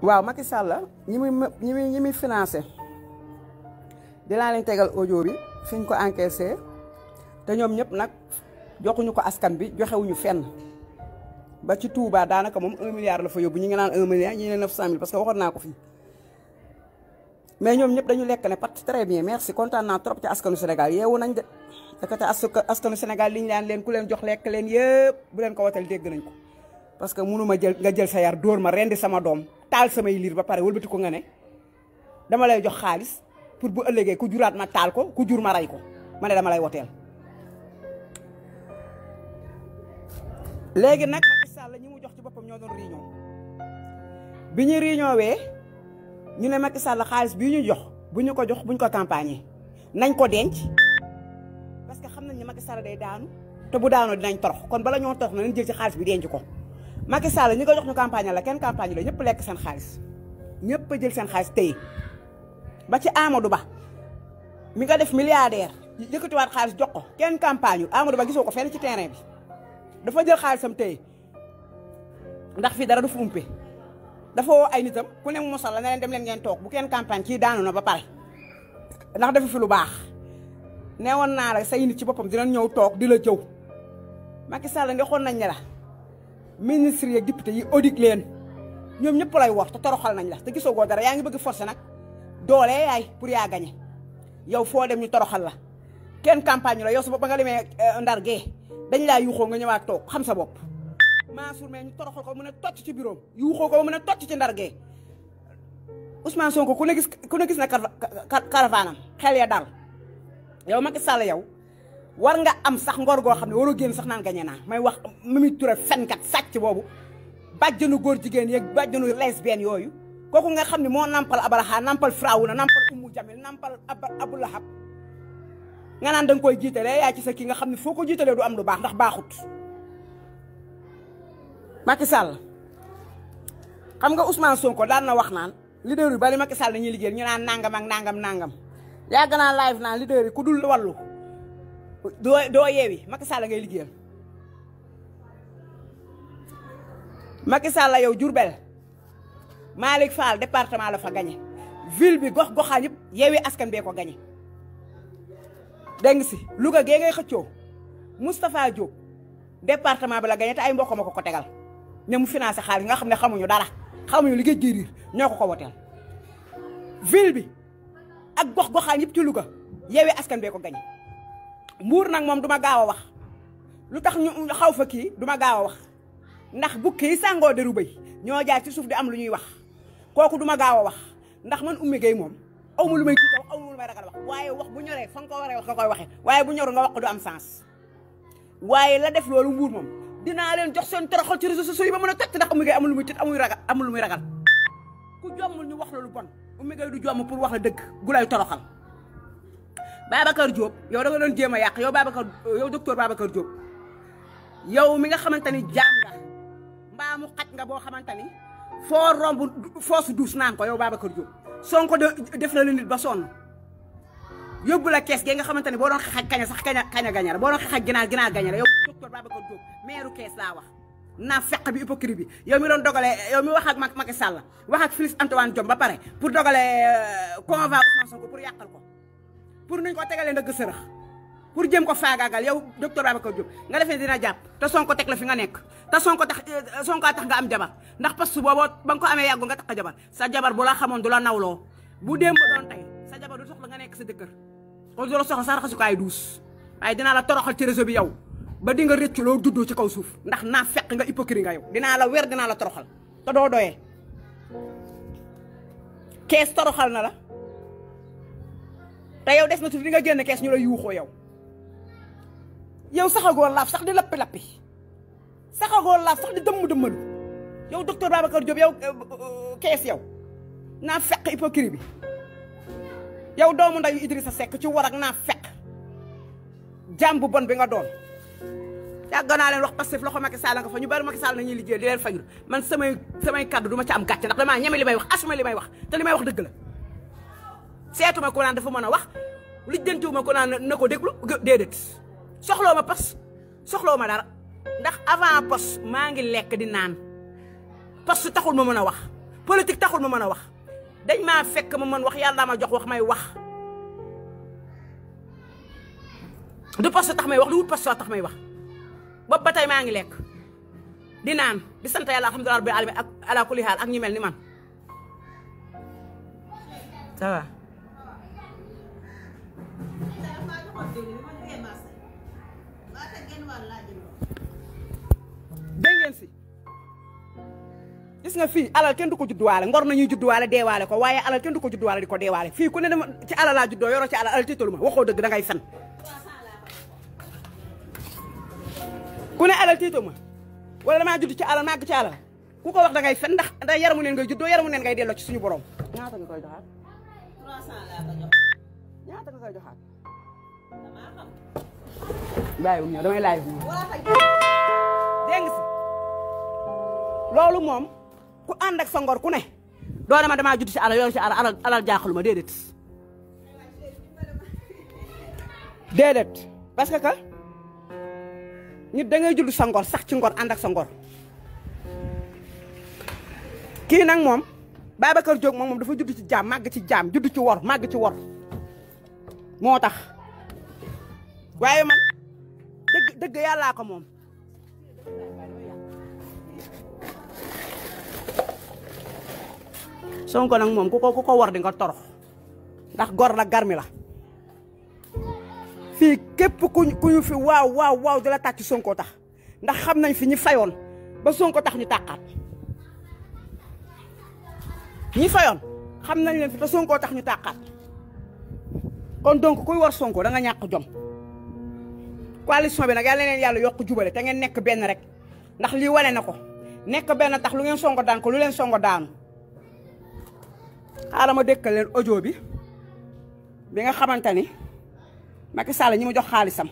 waaw Macky Sall ñi mi ñi mi ñi muy financé dinaa leen tegal audio bi fiñ ko encaissé té ñom ñëpp nag joxuñu ko askan bi joxewuñu fenn ba ci Touba daanaka mom 1 milliard la fa yóbbu ñi nga naan 1 milliard ñi ne 900 parce que waxoon naa ko fi. mais ñom ñëpp dañu lekk né pat très bien merci kontaan naa trop ci askanu Sénégal yeewu nañ dé de dakate askanu Sénégal li ñu leen ku leen jox lekk leen yëpp bu leen ko wotal dégg nañ ko parce que mënu jël nga jël sa yar dóor ma rendi sama dom tal sama lire ba pare wolbeutiko nga ne dama lay jox xaalis pour bu ëllëgee ku jurat ma tal ko ku jur ma ray ko mané dama lay wotel légui nak Macky Sall ñi mu jox ci bopam ñoo doon réunion bi réunion wé ñu né Macky Sall bi jox bu ñu ko jox bu ko campagne nañ ko denc parce que xamnañ ni Macky Sall day daanu te bu daanu dinañ torox kon bala ñoo torox nañ jël ci bi denc ko. Macky Sall ñi ko jox ñu campagne la kenn campagne la ñëpp lekk seen xaalis ñëpp jël seen xaalis téye ba ci Amadou Ba mi nga def milliardaire yëkkatiwaat xaalis jox ko kenn campagne Amadou Ba gisoo ko fenn ci terrain bi dafa jël xaalisam téye ndax fii dara du umpe dafa woo ay nitam ku ne mu mosal la ne leen dem leen ngeen toog bu kenn campagne kii daanu na ba pare ndax defu fi lu baax woon naa la say nit ci boppam dinañ ñëw toog di la jëw Macky Sall nga nañ ne ministre yeeg député yi audit leen ñoom ñëpp lay wax te toroxal nañ la te gisoo goo dara yaa ngi bëgg forcé nag doole yaay pour yaa gañe yow foo dem ñu toroxal la kenn campagne la yow sa bopp ba nga demee euh, ndar gee dañ laa yuuxoo nga ñëwaat toog xam sa bopp Mansour mais ñu toroxal ko mu a tocc ci bureau yuuxoo ko ba mën a tocc ci ndar gee Ousmane Sonko ku ne gis ku ne gis na caravanam xel ya daal yow Macky Sall yow war nga am sax ngor go xamni waro gene sax nan gañe na may wax Mimi Touré kat sàcc bobu badjanu gor jigen yeeg badjanu lesbienne yoyu koku nga xamni mo nampal abraha nampal firawuna nampal ummu jamil nampal abul hab nga nan dang nga koy jiitalee ya ci sa ki nga xamni foko foo ko du am lu bax ndax baxut Macky Sall xam nga Ousmane Sonko dal na wax nan leader yu bari Macky Sall dañuy liggéey ñu nan nangam ak nangam nangam ya gëna live nan leader yi ku dul walu doo doo yeewi Macky Sall ngay liggéeyal Macky Sall yow Diourbel Malick Fall département la fa gañe ville bi gox goxaan yëpp yeewi askan bee ko gañe dégg nga si Louga gee ngay xëccoo Moustapha Diop département bi la gañe te ay mbokk ma ko tegal ne mu financé xaalis nga xam ne xamuñu dara xamuñu liggéey jëriñ ñoo ko ko woteel ville bi ak gox goxaan yëpp ci Louga yeewi askan bee ko gañe mbour nak mom duma gawa wax lutax ñu xaw fa ki duma gawa a wax ndax bu ki sango de rubey ño jaar ci suuf di am lu ñuy wax koku duma gawa wax ndax man ummi gay mom awmu lu may ci taw awmu lu may ragal wax waye wax bu ñoree fa nga ko waree wax nga koy waxee bu ñoru nga wax du am sens waye la def lolu mbour mom dina len jox sen toroxol ci réseaux suuy ba mëna a ndax ummi gay amul lu muy tiit amul ragal amul lu muy ragal ku jomul ñu wax lolu bon ummi gay du jom pour wax la deug gulay toroxal Babacar Diop yow da nga a yàq yow Babacar yow docteur Babacar Diop yow mi nga xamante ni jaam nga mbaa mu xaj nga boo xamante ni foo romb foosu duus naan ko yow Babacar Diop Sonko def na la nit ba sonn yóbbu la kees gi nga xamante ni boo doon xaxaj kaña sax kaña kaña gañara boo doon xaxaj ginaar ginaar gañara yow docteur Babacar Diop maire kees laa wax naa feq bi hypocrite bi yow mi doon dogalee yow mi wax ak Macky la wax ak Félix Antoine Diome ba pare pour dogalee euh, convoi Ousmane pour yàqal ko pour nuñ ko tégalé ndëgg sërëx pour jëm ko faagaagal yow docteur Babacar Diop nga defee dina jàpp son ko teg la fi nga nekk son ko tax eh, ko tax nga am jabar ndax parce que booboo ba nga ko amé yàggu nga tax jabar sa jabar bu la xamone du la nawloo bu démb doon tay sa jabar du soxla nga nek sa dëkkër kon do soxla sa kay duus waye dina la toroxal ci réseau bi yow ba di nga recc lo duddoo ci kaw suuf ndax na fekk nga hypocrite nga yow dina la wër dina la toroxal te do doyé kess toroxal na la da yow dess na tuti nga genn kess ñu la yuuxoo yow yow saxago laf sax di lappi lappi saxago laf sax di dem dëmmalu yow docteur Babacar job yow euh, euh, euh, kess yow na fekk hypocrite bi yow doomu ndayu Idrissa sek ci war ak naa fekk jambu bon bi nga doon yàgg naa leen wax passif loxo makki Sall nga fa ñu bari makki Sall na ñuy liggéey di len fañu man samay samay kaddu duma ci am gatch nak dama ñeme limay wax assumé limay wax te limay wax deug la setuma ko nan dafa meuna a wax lijjantiwuma ko nan nako deglu dedet déedéet soxloo ma pos soxloo ma dara ndax avant pass mangi lek di nan pass taxul ma meuna wax politique taxul ma meuna wax dañ ma fekk ma meun wax yalla ma jox wax may wax du pass tax may wax du wut pass tax may wax ba batay mangi lek di nan di sant yalla alhamdulilah rabbil alamin ala kulli hal ak ñu melni man ça va gis nga fi alal ken duko ko judduwaale ngor nañu nañuy judduwaale deewaale ko waye alal ken duko ko judduwaale diko ko deewaale fii ku ne dama ci alal la juddo yoro ci alal alti toluma waxo deug da ngay fan ku ne alal tiitalu ma wala dama judd ci alal mag ci alal ku ko wax da ngay fan ndax da yaramu neen ngay juddo yaramu neen ngay delo ci suñu borom ñaata nga koy doxat 300 la ko jox ñaata nga koy doxat damaa xam bàyyi wu ñëw damay laaj wu ñëw dégg si lolu mom ku andak sangor ku ne do dama dama jutti si ala yoon si ala ala jaaxalu ma dedet déedéet parce que que nit da ngay jullu sangor sax ci ngor andak sangor ki nak mom babakar jog mom dafa jutti ci jam mag ci jam jutti ci wor mag ci wor motax waye man deug deug yalla ko mom Sonko nang moom ku ko ku ko war di nga torox ndax gor la garmi la fi kep ku ku ñu fi waaw waaw waaw di la tàcc Sonko tax ndax xam nañ fi ñi fayon ba Sonko tax ñu takkat ñi fayon xam nañ leen fi te Sonko tax ñu takkat kon donc kuy war Sonko da nga ñak jom coalition bi nak yàlla leen yalla yok jubale te ngeen nek ben rek ndax li walé na nek ben tax lu ngeen songo dan ko lu leen songo daanu xaaral ma dëkkal leen audio bi bi nga xamantani ni Macky Sall ñi mu jox xaalisam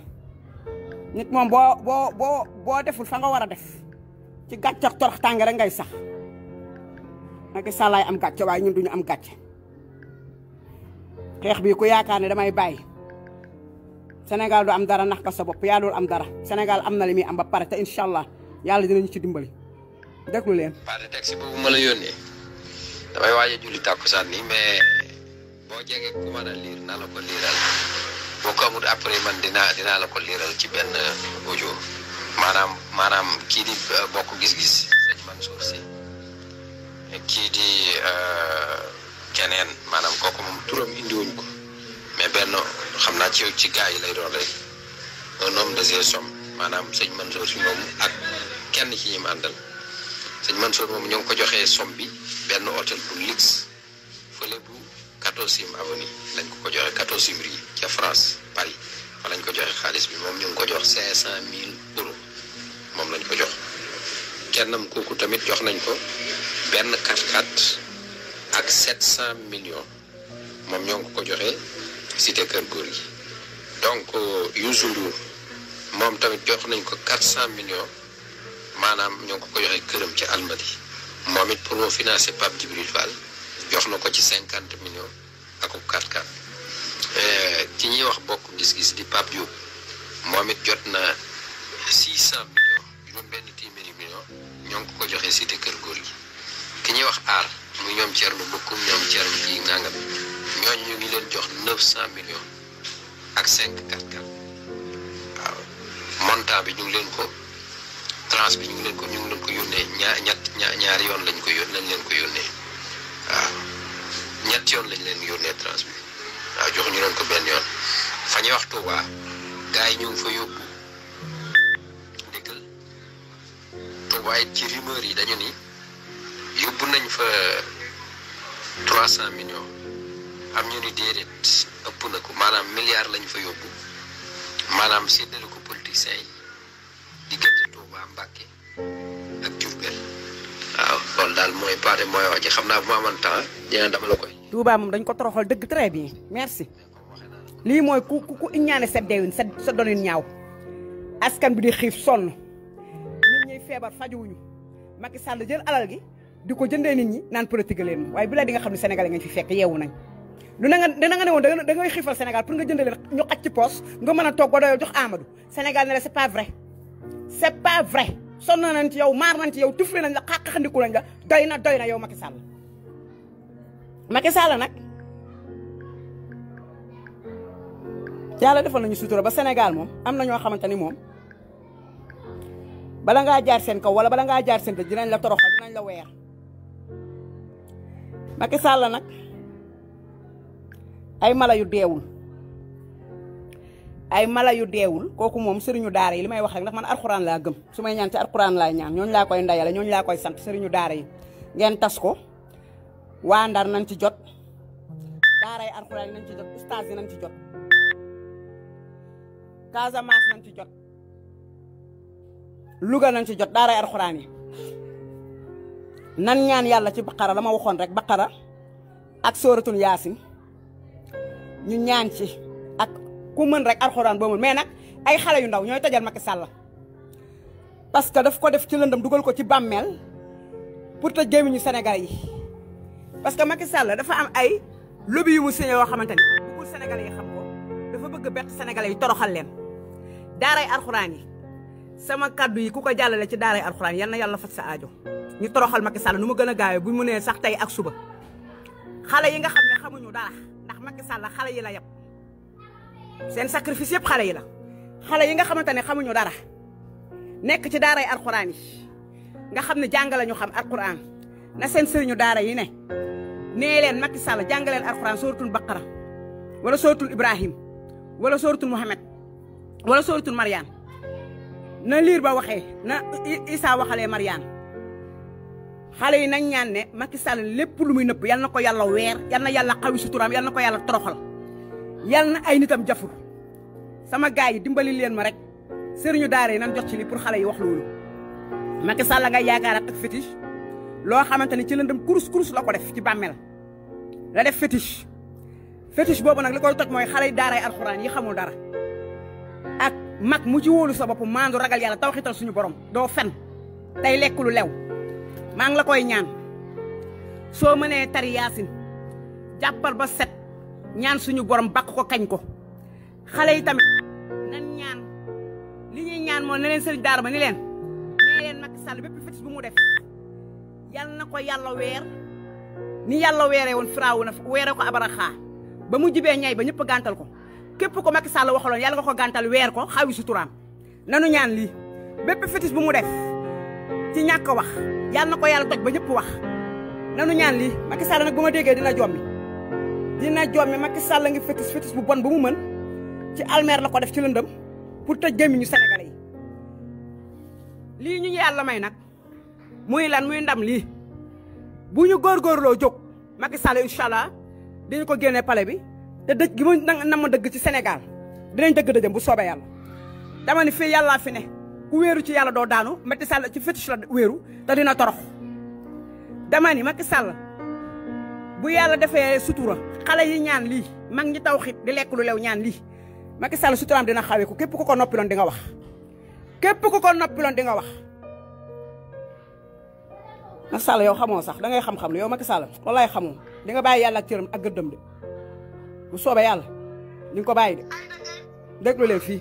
nit mom bo bo bo bo deful fa nga wara def ci gatchak torox tànge rek ngay sax Macky Sall ay am gàcce way ñun duñu am gàcce xex bi ku yaakaane damay bay Senegal du am dara nak ka sa bop ya dul am dara Senegal am limi am ba pare te inshallah allah dinañ ci dimbali deklu len pare taxi bobu mala la damay waaj a julli tàkkusaan nii mais boo jege ku mën a liir naa la ko liiral boo ko amul après man dinaa dinaa la ko liiral ci benn audio maanaam maanaam kii di euh, bokk gis-gis sëñ Mansour si kii euh, keneen maanaam kooku moom turam indiwuñ ko mais benn xam naa ci ci gars yi lay doon rek un homme de ses hommes maanaam sëñ Mansour si moom ak kenn ci ñi mu àndal sëñ Mansour moom ñoo ngi ko joxee somme bi. benn hôtel bu luxe fële bu 14e avenue lañ ko ko joxe 14e rue ca France Paris fa lañ ko joxe xaalis bi moom ñu ngi ko jox 500000 euros moom lañ ko jox kennam kooku tamit jox nañ ko benn 4x4 ak 700 millions moom ñoo ngi kër góor donc euh, Youssou Ndour moom tamit jox nañ ko 400 million maanaam ñoo ngi ko ko joxee këram ci Almadi momit pour mu financer Pape Djibril Fall jox nako ci 50 millions ak ko quatre quatre ki euh, wax bokk gis-gis di pap Diop momit it jot na six millions juroom benn téeméeri millions ñong ko ko joxe cité kër góor gi ki ñi wax ar mu ñom Thierno Bocoum ñom Thierno kii nangam ñooñu ñu ngi leen jox 900 millions ak cinq montant bi ñu ngi leen ko trans bi ñu ngi leen ko ñu ngi leen ko yone ñaar ñaar ñaari yoon lañ ko yónnee lañ leen ko yónnee waaw ñett yoon lañ leen yónnee transmis waaw jox ñu leen ko benn yoon fa ñuy wax Touba gars yi ñu fa yóbbu déggal Touba ci rumeur yi dañu ni yóbbu nañ fa trois cent millions am ñu ni déedéet ëpp na ko maanaam milliard lañ fa yóbbu maanaam séddale ko politiciens yi dal moy paré moy wax ji xam naa bu ma amoon temps ñeneen dama la koy. Touba mom dañ ko toroxal deug très bien merci li moy ku ku ku ñaane sa deewin sa sa donin ñaaw askan bi di xif son nit ñuy faju wuñu Macky Sall jël alal gi diko jëndé nit ñi naan politique leen way bu la di nga xamni ne sénégalais nga fi fekk yewu nañ lu na nga da nga ne da ngay xifal Sénégal pour nga jëndé leen ñu xacc ci poos nga mëna tok ba jox Amadou Sénégal ne c'est pas vrai c'est pas vrai sonn nañ ci yow maar nañ ci yow tufli nañ la xàqandiku nañ la doy na doy na yow Macky Sall Macky Sall nag yàlla defal nañu sutura ba Sénégal moom am na ñoo xamante ni moom bala ngaa jaar seen kaw wala bala ngaa jaar seen kaw dinañ la toroxal dinañ la weer Macky Sall nag ay mala yu deewul. ay mala yu deewul kooku moom sëriñu daara yi li may wax rek ndax man alxuraan laa gëm su may ñaan ci alxuraan laay ñaan ñooñ laa koy ndayale ñooñu laa koy sant sëriñu daara yi ngeen tas ko waa Ndar nañ ci jot daara yi alxuraan yi nañ ci jot ustaas yi nañ ci jot Casamance nañ ci jot Louga yi nan ñaan yàlla ci baqara la ma waxoon rek baqara ak sóoratul yaasin ñu ñaan ci ku mën rek alxuraan boo mën mais nag ay xale yu ndaw ñooy tajal Macky Sall parce que daf ko def ci lëndam dugal ko ci bàmmeel pour tëj gémmiñu Sénégal yi parce que Macky Sall dafa am ay lobby yu mu signé yoo xamante ni bëggul Sénégalais yi xam ko dafa bëgg bett Sénégalais yi toroxal leen daaray alxuraan yi sama kaddu yi ku ko jàllale ci daaray alxuraan yal na yàlla faj sa aajo ñu toroxal Macky Sall nu mu gën a bu mu nee sax tey ak suba xale yi nga xam xamuñu dara ndax Macky Sall xale yi la yab seen sacrifice yëpp xale yi la xale yi nga xamante ne xamuñu dara nekk ci daaray alxuraan nga xam ne jàng la ñu xam alxuraan na seen sëriñu daara yi ne nee leen Macky Sall jàng leen alxuraan sooratul Baqara wala sooratul Ibrahim wala sooratul Muhammad wala sooratul Maryam na liir ba waxee na Isa waxalee Maryam xale yi nañ ñaan ne Macky Sall lépp lu muy nëpp yal na ko yàlla weer yal na yàlla xawi suturaam yal na ko yàlla toroxal yal na ay nitam jafur sama gaay yi dimbali len ma rek daara nan jox ci li pour xalé yi wax loolu Macky Sall nga yaakaar ak fétiche lo xamanteni ci lendeum kurus kurus lako def ci bammel la def fétiche fétiche bobu nak likoy tok moy xalé daara ay alcorane yi xamul dara ak mak mu ci wolu sa bop maandu ragal yalla taw suñu borom do fen tay lek lu lew mang la koy ñaan so mene tari yasin jappal ba set ñaan suñu borom bakk ko kañ ko xalé yi tamit nan ñaan li ñi ñaan mo na serigne sëriñ ba ni len nee leen Sall bepp fetis bu mu def yalla nako ko wër ni yalla weeree won firaw na weere ko abaraxa ba mu jibee ñay ba ñepp gantal ko kep ko mak Sall waxalon yalla nga ko gantal ko xawi turam nanu ñaan li bepp fetis bu mu def ci ñaka wax yalla na yalla toj ba ñepp wax nanu ñaan li mak Sall nak buma déggé dina jommi dina jomé Macky Sall nga fétis fétis bu bon bu mu mën ci almer la ko def ci lëndëm pour tëj ñu Sénégalais li lii ñu yalla may nak muy lan muy ndam li bu ñu lo jóg Macky Sall inshallah allah ko génne pale bi te dëj gi mo nam ma dëgg ci Sénégal dinañ dëgg dëjëm bu soobee yalla dama ni fi yalla fi ne ku wéeru ci yalla do daanu Macky Sall ci fétis la wéeru te dina torox dama ni Macky Sall bu yalla defee sutura xale yi ñaan li mag ñi tawxit di lekk lu lew ñaan li Macky Sall suturam dina xawé ko képp ku ko noppiloon di nga wax képp ku ko noppiloon di nga wax Macky Sall yow xamoo sax da ngay xam-xam yow Macky Sall wallahi xamoo di nga bàyyi Yalla ak cëram ak gëddëm de bu soobee Yalla ni nga ko bàyyi de déglu leen fii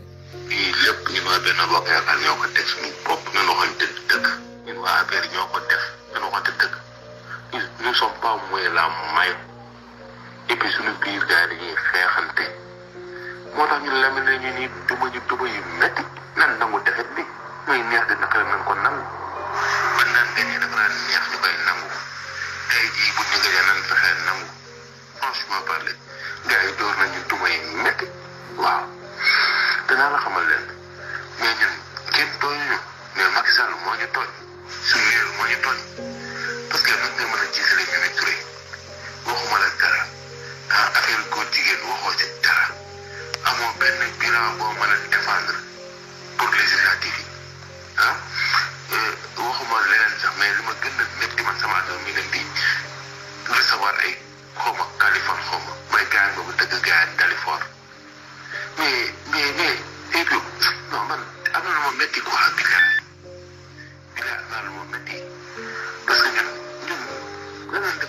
fi lepp ni ma benn bokk yaakaar ñoo ko teg suñu bopp ñun waxante dëgg ñun waa affaire ñoo ko def ñun waxante dëgg ñu sommes pas moyen la maillot et puis suñu biir gars yi dañuy xeexante moo tax ñu leme nañu ni duma ñu duma yu métti nan nangu defet bi muy neex di naqari nan ko nangu. man neex ñu koy nangu tey jii bu ñu gagné nan fexee nangu franchement parler gars yi door nañu duma yu métti.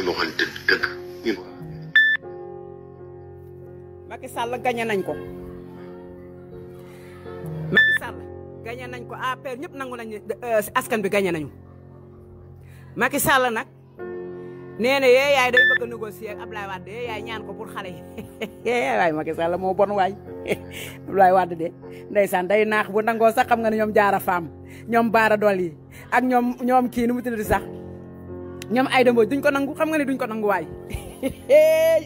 na loxal dëgg dëgg Macky Sall gagné nañ ko Macky Sall gagné nañ ko APR nangu nañ euh, askan bi gagné nañu Macky Sall ya, nee na eh, yaay day bëgg négocier Ablaye Wade ya yaay ñaan ko pour xale yi yee eh, waay Macky Sall bon Ablaye Wade de ndeysaan day naax bu nangoo sax xam nga ne jaara faam ñoom baara dool yi ak nu mu sax ñoom ay dembo duñ ko nangu xam nga ni duñ ko nangu way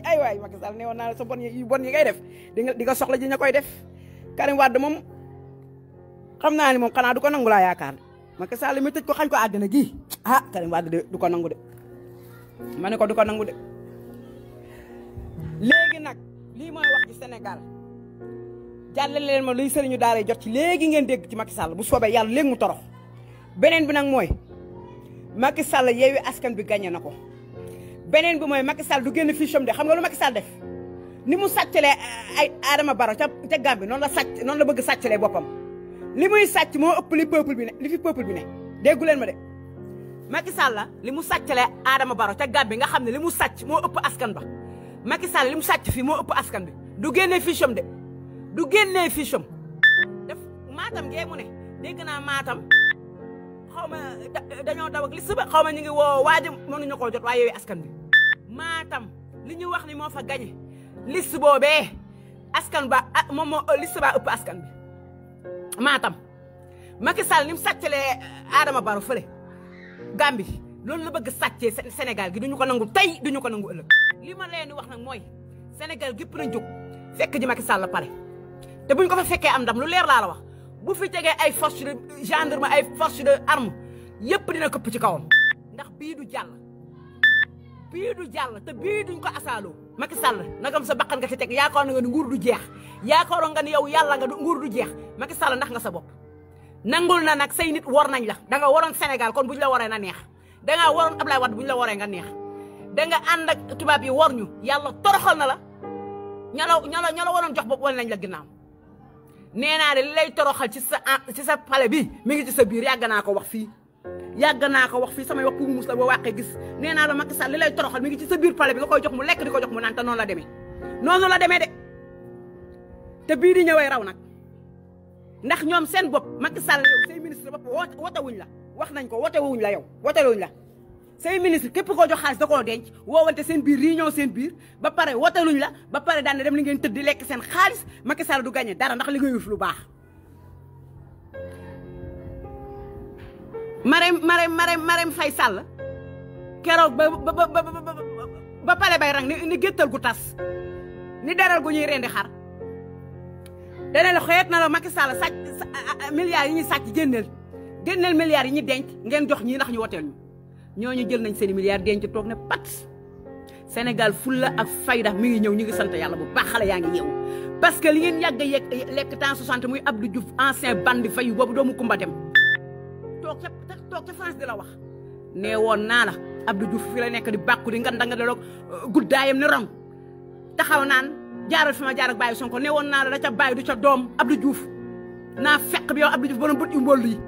ay way Macky Sall neewon na so bon yi bon yi ngay def di nga di nga soxla ji ñakoy def Karim Wade mom xam na ni mom xana du ko nangu la yaakar Macky Sall mi tëj ko xañ ko àddina gi ah Karim Wade de du ko nangu de mané ko du ko nangu de légui nak li mooy wax ci Sénégal jallale len ma luy sëriñu daara jot ci légui ngeen dégg ci Macky Sall bu soobee yalla lengu torox benen bi nak moy Macky Sall yeewi askan bi gagné na ko beneen bi mooy Macky Sall du génn fiche am de xam nga lu Macky Sall ni mu sàccalee eh, ay Adama Barrow ca ca Gambie noonu la sàcc noonu la bëgg sàccalee boppam li muy sàcc moo ëpp li peuple bi ne li fi peuple bi ne déggu leen ma de Macky Sall li mu sàccalee Adama Barrow ca Gambie nga xam ne li mu sàcc moo ëpp askan ba Macky Sall li mu sàcc fii moo ëpp askan bi du génnee fiche am de du génnee fiche am def maatam ngee mu ne dégg naa maatam xaw ma dañoo daw ak li suba xaw ma ñu ngi woo waaji mënuñu koo jot waaye askan bi matam li ñu wax ni moo fa gañe liste boobee askan ba ah, moom moo liste baa ëpp askan bi matam Macky Sall ni mu sàccalee eh, Adama Barrow fële Gambie loolu la bëgg sàccee Sénégal gi duñu ko nangu tey duñu ko nangu ëllëg li ma leen di wax nag mooy Sénégal gépp fekk ji Macky Sall te buñ ko fa fekkee am lu leer laa la wax bu fi tege ay force de gendarme ay force de arme yépp dina ko ci kawam ndax bi du jall bi du jall te bi duñ ko asalo Macky Sall nagam sa bakkan nga ci tek yaakaar nga ni nguur du jeex yaakaar nga ni yow yalla nga nguur du jeex Macky Sall ndax nga sa bop nangul na nak say nit war nañ la da nga waron Senegal kon buñ la waré na neex da nga waron Ablaye Wade buñ la waré nga neex da nga and ak tubaab yi warñu yalla toroxal na la waron jox bop wal nañ la ginnam nee naa de li lay toroxal ci sa a ah, ci sa pale bi mi ngi ci sa biir yàgg naa ko wax fii yàgg naa ko wax fii samay wax pour mu mus la ba wàqee gis nee naa la Macky Sall li lay toroxal mi ngi ci sa biir pale bi nga koy jox mu lekk di ko jox mu naan te noonu la demee noonu la demee de te bii di ñëwee raw nag ndax ñoom seen bopp Macky Sall yow say ministre bopp woote wuñ la wax nañ ko woote wuñ la yow woote wuñ la say ministre képp koo jox xaalis da koo denc woowante seen biir réunion seen biir ba pare woteluñ la ba pare daan dem li ngeen tëdd lekk seen xaalis Macky Sall du gagné dara ndax li nga yëf lu baax. Marème Marème Marème Marème Faye keroog ba ba ba ba pale bay rang ni géttal gu tas ni daral gu ñuy rendi xar dana la xëyat na la Macky Sall sàcc milliards yi ñuy sàcc génneel génneel milliards yi ñuy denc ngeen jox ñii nax ñu woteel ñu. ñooñu jël nañ seen milliards denc toog ne pat sénégal fulla ak fayda mi ngi ñëw ñu ngi sant yàlla bu baax xale yaa ngi ñëw parce que li ngeen yàgg a yegg lekk temps 60 muy abdou diouf ancien bandi fayu boobu doomu kumba dem toog ca toog ca france di la wax nee woon naa la abdou diouf fi la nekk di bàkku di ngan danga daloog euh, guddaayam ni rom taxaw naan jaaral fi ma jaar ak bàyyi sonko nee woon naa la da ca bàyyi du ca doom abdou diouf naa fekk bi yow abdou diouf borom bët yu mbollu yi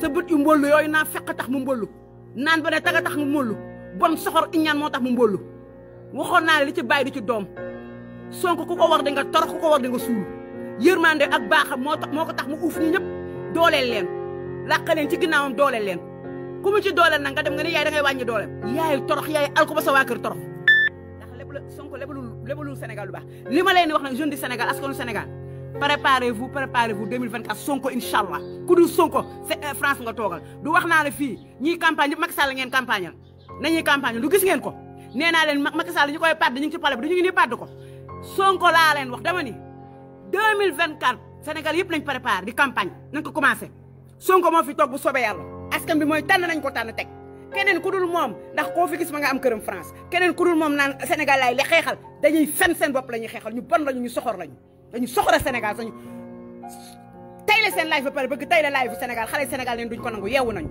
sa bët yu mbollu yooyu naa fekk tax mu mbollu naan ba ne taga tax nga mboolu bon soxor iñaan moo tax mu mboolu waxoon naa li ci bàyyi du ci doom Sonko ku ko war di nga torox ku ko war di nga suul yërmande ak baaxam moo tax moo ko tax mu uuf ñu ñëpp dooleel leen làq leen ci ginnaawam dooleel leen ku mu ci dooleel nag nga dem nga ne yaay da ngay wàññi dooleem. yaay torox yaay al ko kër torox ndax lépp la Sonko lebalul lebalul Sénégal lu baax li ma leen di wax nag jeune du Sénégal askanu Sénégal. préparez-vous préparez-vous 2024 Sonko incha Koudou Sonko, c'est Sonko euh, France nga toogal du wax na la fi, ñi campagne Macky Sall ngeen campagne Nañi campagne du gis ngeen ko Néna len Macky Sall ñukoy pad, pàdd ñu ci palais du ñu ngi nii pàdd ko Sonko la len wax dama ni 2024 Sénégal yépp lañ préparé di campagne nañ ko commencer. Sonko mo fi toog bu soobee yàlla askan bi moy tan nañ ko tan teg Kenen ku mom ndax ko fi gis ma nga am kërëm France Kenen ku mom nan naan Sénégal laay li xeexal dañuy fen seen bop la xéxal, ñu bon lañu ñu soxor lañu dañu soxora Sénégal sañu tey la seen live ba pare bëgg tey la live Sénégal xale Sénégal neen duñu ko nangu yeewu nañu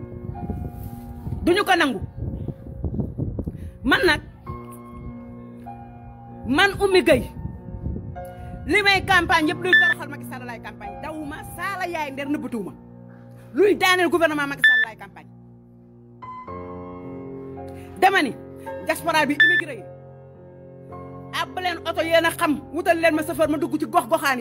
duñu ko nangu man nag man Oumy Gueye li may campagne yëpp luy toroxal Macky Sall laay campagne dawuma saala yaay nder nëbbatuwuma luy daaneel gouvernement Macky laay campagne dama ni diaspora bi àbb leen oto yéen a xam wutal leen ma safar ma dugg ci gox goxaan